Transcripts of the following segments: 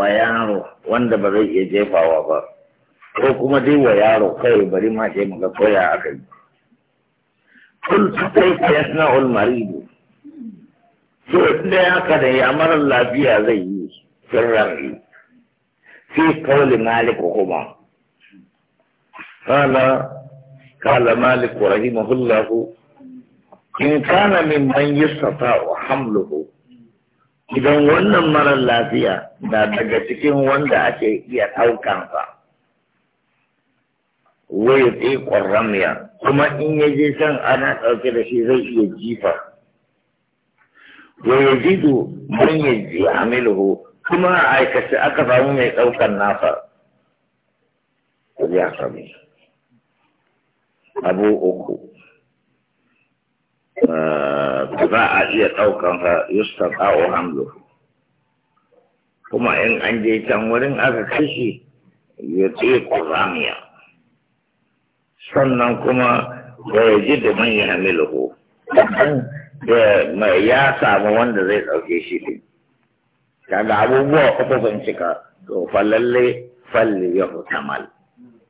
wa yaro wanda ba zai iya jefawa ba ko kuma dai wa yaro kai bari ma ce muka koya aka yi kul kai ka yasna ul maridu to inda ya ka da ya mara lafiya zai yi sirran fi kawli malik kuma kala kala malik rahimahullahu in kana mimman yastata hamluhu idan wannan marar lafiya da daga cikin wanda ake iya ɗaukansa wai tsaye ƙwarramiya kuma in ya je can ana ɗauke da shi zai iya jifa wai ya jido man ya ji amilu kuma a aikace aka samu mai ɗaukan nasa ya sami abu uku za a iya ɗaukan ka yustar ƙa'o hamlo kuma in an je can wurin aka kashi ya tsaye ƙoramiya sannan kuma da ya ji da man ya hamilu da mai ya samu wanda zai ɗauke shi ne kaga abubuwa uku cika to fa lalle falle ya hutamal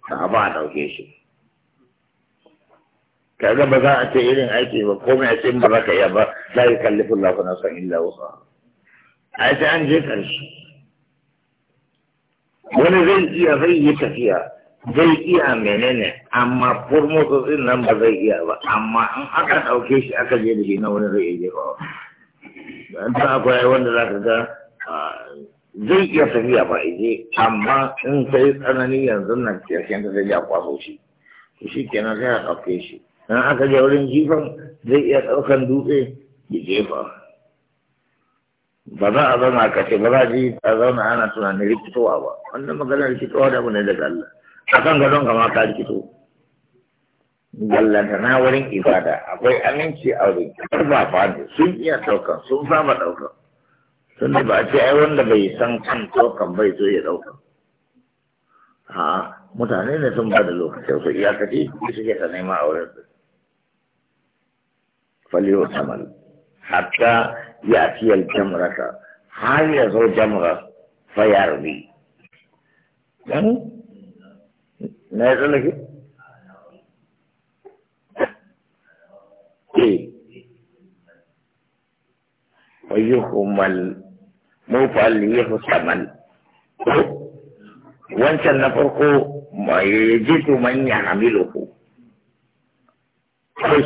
ta ba ɗauke shi kaga ba za a ce irin aiki ba komai a ce ba za ka iya ba za ka kalli kallifin lafi na san illa wasa a ce an je ƙarshe wani zai iya zai yi tafiya zai iya menene amma din nan ba zai iya ba amma in aka ɗauke shi aka je da shi na wani zai iya jefa ba akwai wanda za ka ga zai iya tafiya ba ije amma in sai tsanani yanzu nan ke kenta zai ya kwaso shi shi kenan sai a ɗauke shi in haka je wurin jifan zai iya ɗaukan dutse ya jefa ba za a zauna kashe ba za ji a zauna ana tunanin rikitowa ba wannan magana rikitowa da abu ne daga Allah a kan gadon kama ka rikito gallanta na wurin ibada akwai aminci a wurin ba ne sun iya ɗaukan sun fama ɗaukan sun ba a ce ai wanda bai san kan ɗaukan bai so ya ɗaukan a mutane ne sun ba da lokacin su iyakaci suke ta nema a wurin su فليعتمل حتى يأتي الجمرة هل يزو جمرة فيرمي يعني ما يقول لك ايه ويهمل مو فليهتمل wancan na farko ya ji man ya hamilu ko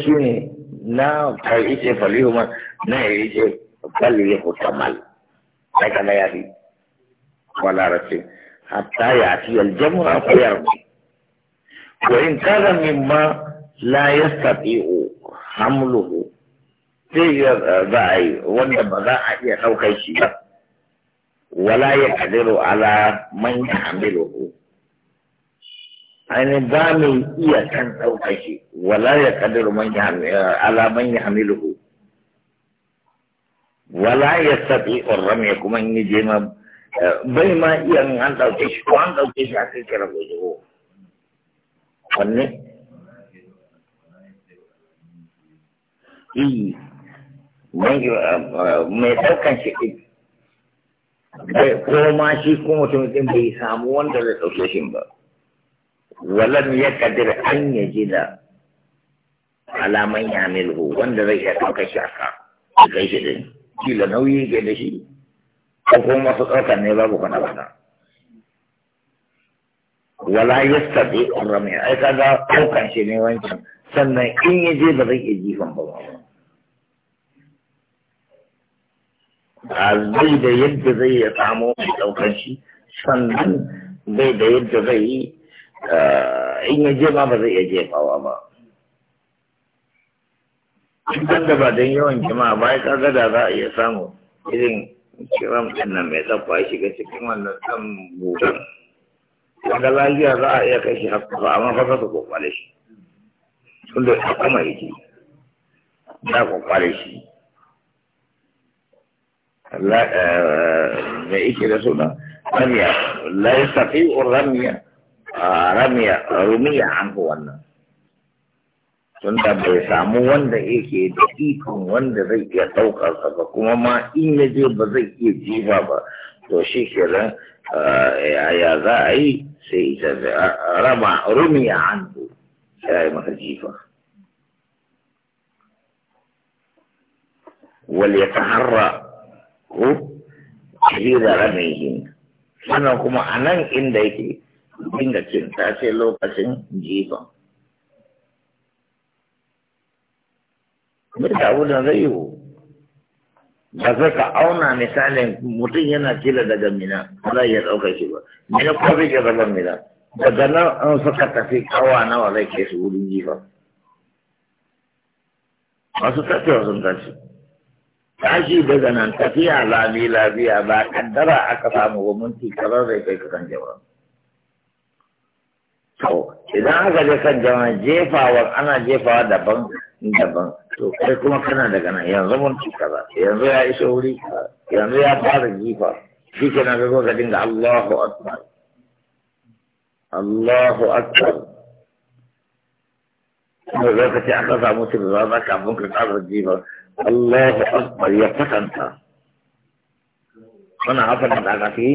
shi ne na karɓi ce faliyu ma na yi ce fali ya huta mal sai kana ya fi walarasi hatta ya fi aljamu a koyar wa in kana mimma la yastati'u hamluhu sai ya za a yi wanda ba za a iya ɗaukar shi ba wala ya kadiru ala man ya hamiluhu ainihin ba mai iya kan ɗaukar wala ya kadiru ala man ya hamiluhu wala ya sabi ƙorram ya kuma yi jema bai eh, eh, ma iya an ɗauke shi ko an ɗauke shi a kai kira gojogo wanne mai ɗaukan shi ɗin ko ma shi ko mutum ɗin bai samu wanda zai ɗauke shi ba walam ya kadir an ya ji da alaman ya milhu wanda zai iya ɗaukar shi a ka da kai shi din kila nauyi ke da shi ko kuma wasu ne babu kwana kwana wala ya sabi rami ai kaga ɗaukar ne wancan sannan in ya je zai iya jifan ba a zai da yadda zai ya samu ɗaukar shi sannan bai da yadda zai yi Eh, in ya jefa ba zai iya jefawa ba duk da ba don yawan jama'a ba ya kaga da za a iya samu irin kiran nan mai tsakwa ya shiga cikin wannan ɗan bugan daga lafiya za a iya kai shi ba amma fa su kokwale shi tunda ya kuma yake ya kokwale shi eh, mai ike da suna ramiya la yastafi uramiya Ah, ramiya rumiya an wannan tunda bai samu wanda yake da ikon wanda zai iya ɗaukar ba kuma ma in ya je ba zai iya jifa ba to shi kenan ah, ya za a yi sai ita ah, rama rumiya an sai ya yi masa jifa wal ya taharra ko shi da ramihin sannan kuma a nan inda yake dinga cin ce lokacin jifa. jifan da wudan zai yiwu ba za ka auna misalin mutum yana kila daga mina ba za iya ɗaukar shi ba mina ko zai iya zama mina daga nan an suka tafi kawa nawa zai kai su wurin jifa masu tafiya sun tashi tashi daga nan tafiya lami lafiya ba kaddara aka samu wa minti karar zai kai kasan jama'a to idan aka je kan jama'a jefawa ana jefawa daban daban to kai kuma kana daga nan yanzu mun ci kaza yanzu ya iso wuri yanzu ya fara jifa shi ke nan ka dinga Allahu akbar Allahu akbar kuma lokaci aka samu su da zama kafin ka tsara jifa Allahu akbar ya fatanta wannan haka da aka fi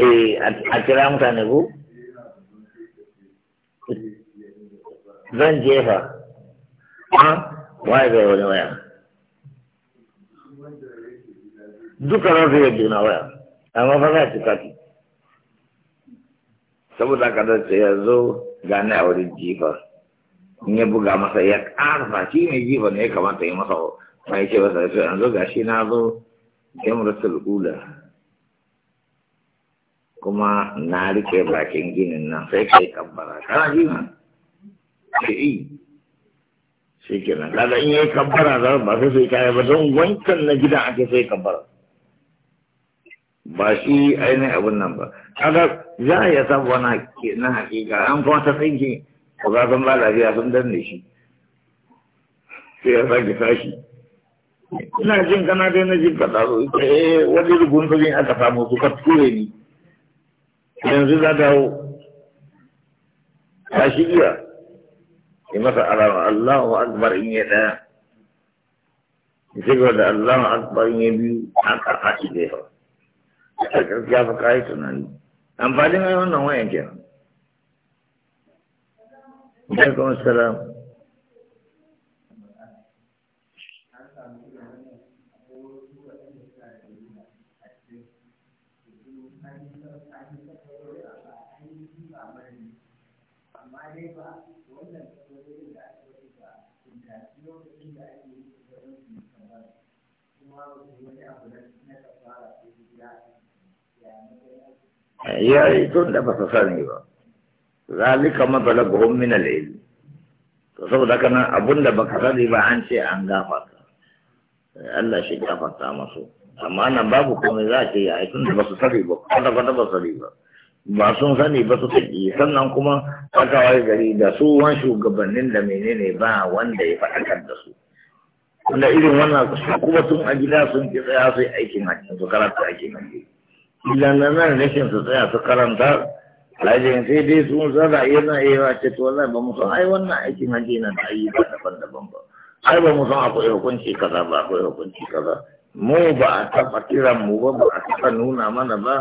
eh a kira mutane ku zan jefa a waye bai wani waya duka za su yi juna waya amma fa za a cika ki saboda ka da ce yanzu gane a wurin jifa in ya buga masa ya ƙarfa shi ne jifa ne ya kamata ya masa ma ya ce masa yanzu ga shi na zo jamratul ula kuma na rike bakin ginin nan sai kai kabbara kana ji ma shi shi nan kada in yi kabbara za ba sai sai kaya ba don wancan na gidan ake sai kabbara ba shi ainihin abin nan ba kada za a iya wana ke na hakika an kuma ta tsinki ko za san ba lafiya sun danne shi sai ya sake tashi ina jin kana dai na jin faɗa eh wani rubun aka samu suka ture ni yanzu za dawo ta shi iya yi masa alama Allahu akbar in yi ɗaya zai da Allahu akbar in yi biyu an karfa shi da yawa a gaskiya fa kayi tunani amfanin ai wannan wayan kenan. Alaikum salam. يا يكون ده بفصلني بقى ذلك ما بلغهم من الليل فصبر ده كان ابن ده بكذا دي بقى عن شيء عن غافر الله شيء غافر تامسوا amma nan babu komai za a ce ya tun da ba su sani ba kwata kwata ba sani ba ba sun sani ba su sani sannan kuma fatawa gari da su wan shugabannin da menene ba wanda ya faɗakar da su wanda irin wannan su kuma tun a gida sun ki tsaya su yi aikin hajji su karanta aikin hajji idan na nan rashin su tsaya su karanta lajin sai dai sun zara yana iya ce to wallahi ba mu san ai wannan aikin hajji na da ayyuka daban-daban ba ai ba mu san akwai hukunci kaza ba akwai hukunci kaza mu ba a taɓa kiran mu ba ba a taɓa nuna mana ba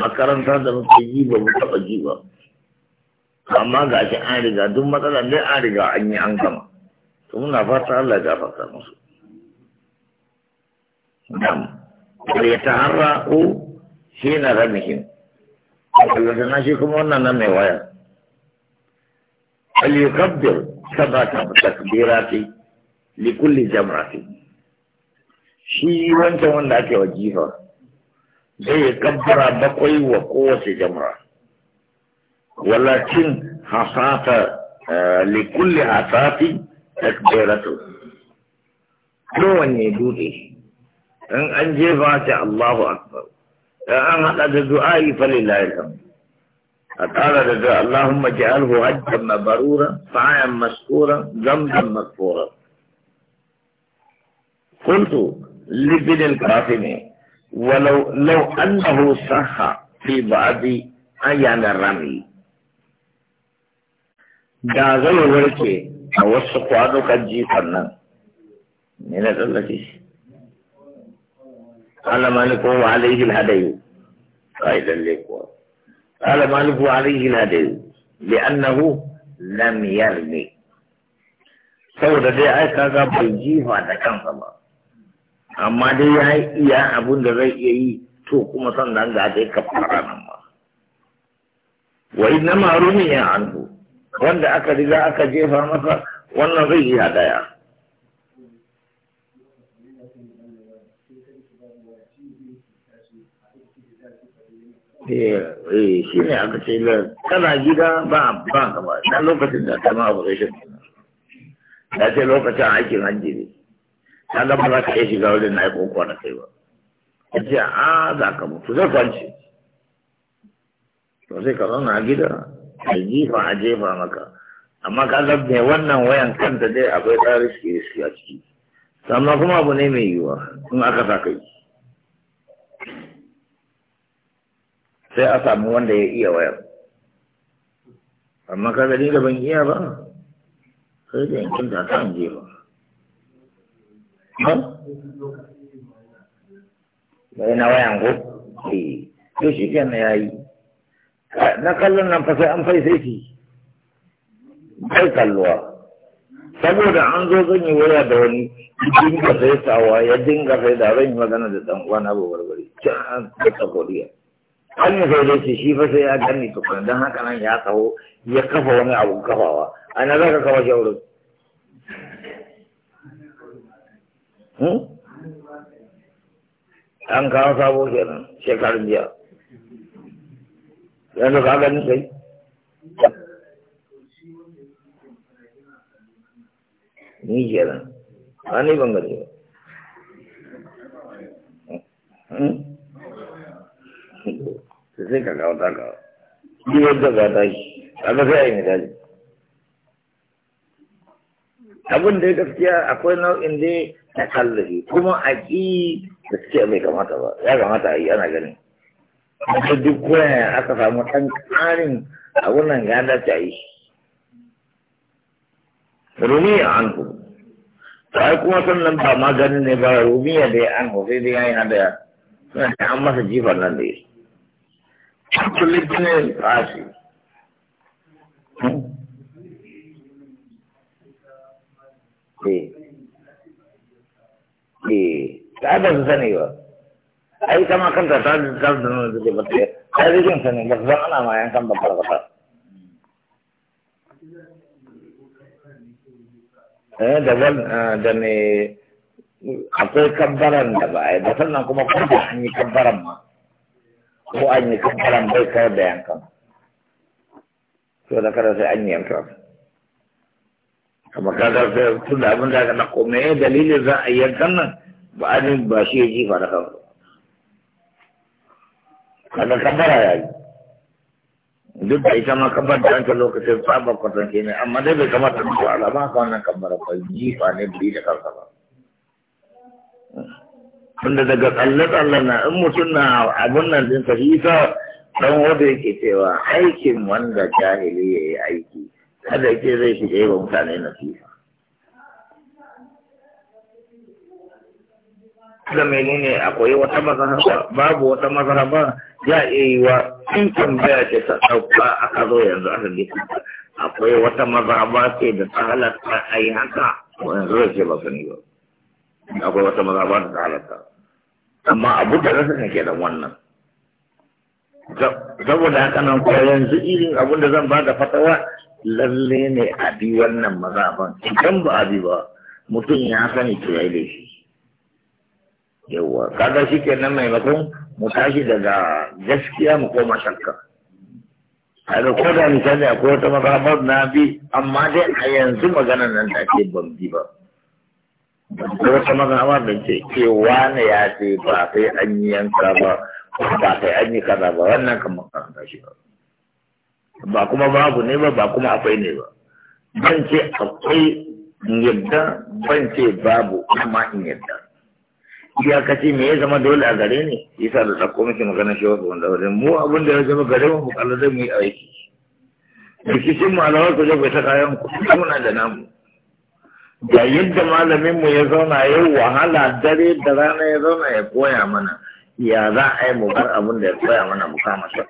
makaranta da muke yi ba mu taɓa ji ba amma ga shi an riga duk matsalar dai an riga an yi an gama to muna fata Allah ya gafarta musu nam wal yataharra'u hina ramihim Allah na shi kuma wannan na mai waya al yukabbir sabata takbirati li kulli jamratin shi wancan wanda ake wa jifa zai kabbara bakwai wa kowace jamra walakin hasata likulli hasati takbiratu kowanne dutse in an jefa ta Allahu akbar in an hada da du'a'i fa lillahi alhamd a ƙara da da Allahumma ja'alhu hajjan mabarura sa'yan maskura zamdan maskura قلت لابن القاسم ولو لو أنه صح في بعض أيام الرمي da zai warke a wasu kwanukan jifan nan ne na tsallake shi ala maliku wa alaihi hadayu kai lalle kuwa ala maliku alaihi hadayu li annahu saboda dai ai bai jifa da kansa ba amma dai ya yi iya abun da zai iya yi to kuma sannan ga dai yi kafara nan ma wa inna ma ya anhu wanda aka riga aka jefa masa wannan zai iya daya eh, eh shi ne aka ce da kana gida ba ba gaba dan lokacin da kana abu zai shi da ce lokacin aikin hajji ne ka ba za ka iya shiga wajen na yi kwana na kai ba ya ce a za ka mutu zai kwanci to sai ka zauna a gida a jifa a jefa maka amma ka ga me wannan wayan kanta dai akwai tsari ke riski a ciki sannan kuma abu ne mai yiwuwa in aka sa kai sai a samu wanda ya iya wayar amma ka gani da ban iya ba sai da yankin ta ta jefa bai na wayan ko eh to shi kenan yayi na kallon nan fasai, an fai sai shi bai kalluwa saboda an zo zan yi waya da wani dinga sai sawa ya dinga sai da zan yi magana da dan uwa na babar bari can an tsaka koriya an yi sai dai shi fa sai ya gani tukuna don haka nan ya tsaho ya kafa wani abu kafawa ana za ka kawo shi wurin Hmm? an kawo sabo kenan shekarun biya yanzu ka gani sai ni kenan ba ni ban gani ba hmm? sai ka kawo ta kawo duk wanda ga ta shi a ga sai a yi misali abin da ya gaskiya akwai nau'in dai na kallafi kuma a ƙi da suke mai kamata ba ya kamata a yi ana gani kuma duk waya aka samu ɗan ƙarin a wannan ya dace a yi rumi an ku ta ai kuma sannan ba ma ganin ne ba rumi ya da an ku sai dai ya yi da suna an masa jifan nan da ya kullum ne ƙasi hmm. Eh. eh ta ba su sani ba ai kama kanta ta da ta da nuna da ba ta ta rikin sani ba zan ana ma yankan ba farfata eh da wal eh, da ne akwai kabbaran da ba eh, ai ba sannan kuma kuma an yi kabbaran ma ko an yi kabbaran bai kawar da yankan to da kada sai an yi yankan amma kaga tun da abin da aka nako kome dalilin za a yankan nan ba adin ba shi ya jifa da kawai kaga kabara ya yi duk da ita ma kabar da wancan lokacin tsabar kwatance ne amma dai bai kamata da ala ba ka wannan kabara ba jifa ne bai da kansa ba tunda daga tsalle-tsalle na in mutum na abun nan din sa shi sa wanda yake cewa aikin wanda jahili ya yi aiki kada yake zai shiga yi wa mutane nasiha da menene akwai wata mazhaba babu wata mazhaba ya iya yi wa in tambaya ce ta ɗauka aka zo yanzu aka ji akwai wata mazhaba ce da ta halatta a yi haka yanzu zai ce ba sani ba akwai wata mazhaba da ta halatta amma abu da rasa ne ke da wannan saboda haka nan ko yanzu irin abin da zan ba da fatawa lalle ne a bi wannan mazaban idan ba a bi ba mutum ya sani to ya yi shi yawwa kaga shi nan maimakon mu tashi daga gaskiya mu koma shakka a ko da misali a wata mazabar na bi amma dai a yanzu magana nan da ke ban bi ba ko wata mazabar da ke cewa ne ya ce ba sai an yi yanka ba ba sai an yi kaza ba wannan kan makaranta shi ba ba kuma babu ne ba ba kuma akwai ne ba ban ce akwai yadda ban ce babu amma in yadda iyakaci me ya zama dole a gare ne yasa da tsakko muke magana shi wasu wanda wajen mu abin da ya zama gare mu mu zai mu yi aiki rikicin mu alawar ku zai ta kayan ku muna da namu da yadda malamin mu ya zauna yau wahala dare da rana ya zauna ya koya mana ya za a yi mu bar abin da ya koya mana mu kama shi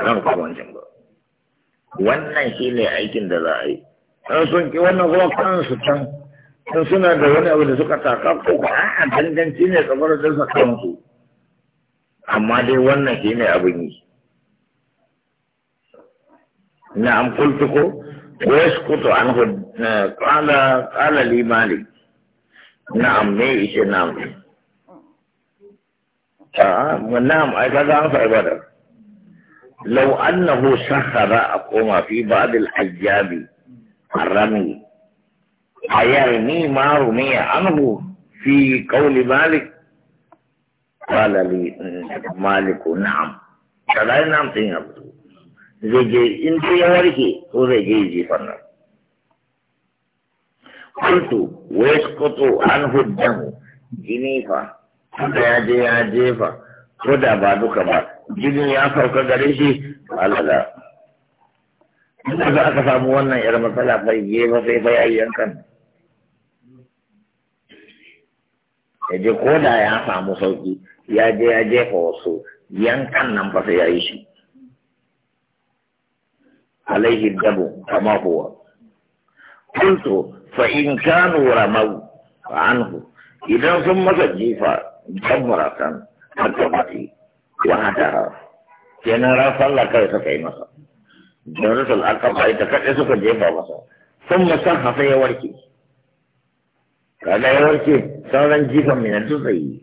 ran ku wancan ba wannan shi ne aikin da za a yi an sun ki wannan kuma kansu can sun suna da wani abu da suka taka ko ba a danganci ne kamar da su kansu amma dai wannan shi ne abin yi na an kultu ko na am ne ishe na مالك ta na نعم نعم أي كذا عن ibadar لو أنه سخر أقوم في بعض الحجاب الرمي أيرمي ما رمي عنه في قول مالك قال لي مالك نعم قال نعم تنين zai je in sai ya warke ko zai je ya jefar nan kuntu wa yasqutu anhu damu jini fa ya je jefa ko da ba duka ba jinin ya sauka gare shi alala ina za aka samu wannan yar matsala bai je ba sai bai yi yankan ya je ko da ya samu sauki ya je ya jefa wasu yankan nan ba sai ya yi shi alaihi dabu kama kowa kuntu fa in kanu ramau anhu idan sun masa jifa jamratan hatta mati وهذا جنرال الله كيف كي مسا جنرال الله كيف كي تكاد يسوق جيبا مسا ثم مسا حتى يوركي كذا يوركي سألا جيبا من الدوزي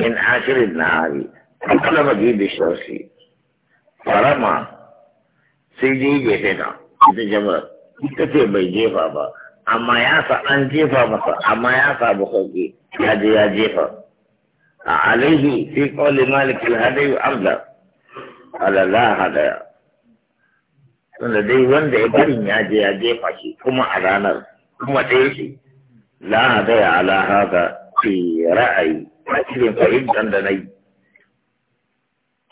من آخر النار أقل ما جيب بشرسي فرما سيدي جيبنا إذا جمع كتير بيجيبا أما ياسا أنجيبا مسا أما ياسا بخوكي يجي يجيبا عليه في قول مالك الهدي ala قال لا هدايا tunda dai wanda ya barin ya je ya jefa shi kuma a ranar kuma ɗaya shi la ala fi ra'ayi a cikin fahimtar da na yi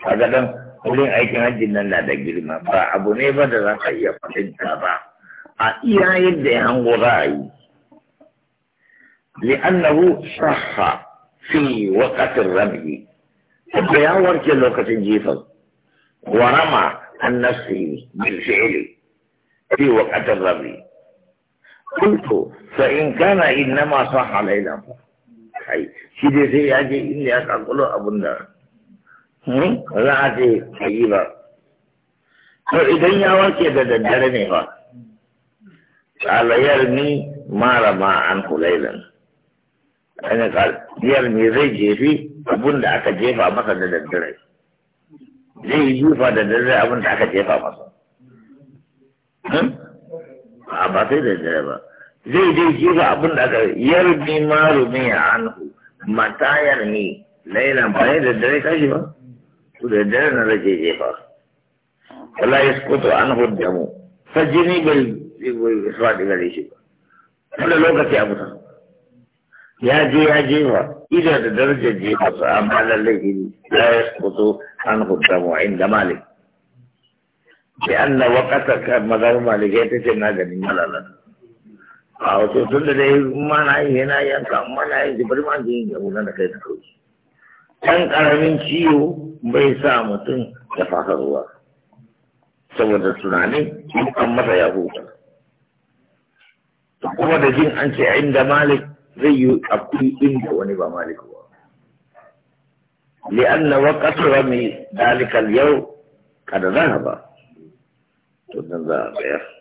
kaga dan wurin aikin hajjin nan na da girma ba abu ne ba da za ka iya fahimta ba a iya yadda ya hango ra'ayi li'annahu sahha في وقت الرمي يا ورك لوكة الجيفة ورمى النفس بالفعل في وقت الرمي قلت فإن كان إنما صح علينا أي شيء زي أجي إني أقول أبونا هم لا أجي أجيبا فإذا يا ورك بدرني قال يرمي ما رمى عنه ليلا ana biyar ne zai jefi abun da aka jefa masa da daddare zai yi jufa da daddare abun da aka jefa masa a ba sai da daddare ba zai dai jefa abun da aka ni maru ne a anhu matayar ne laila ba ne da daddare kashi ba to daddare na zai jefa wala yasqutu anhu damu fajini bil iswadi gare shi ba wanda lokaci abu ta ya je ya jefa ina da darajar jefarsa amma lallai la ya fito an hudamu inda malik sai an na wakata ka mazar malik ya tace na ganin malalar a wato tun da dai mana yi yana yanka mana yi bari ma ji yin yabu da kai ta kauci ɗan ƙaramin ciwo bai sa mutum ya fasa saboda tunanin an masa ya huta kuma da jin an ce inda malik zai yi akwai inda wani ba maliku ba li'anna waqtu rami yau al-yaw kada ba to dan za a tsayar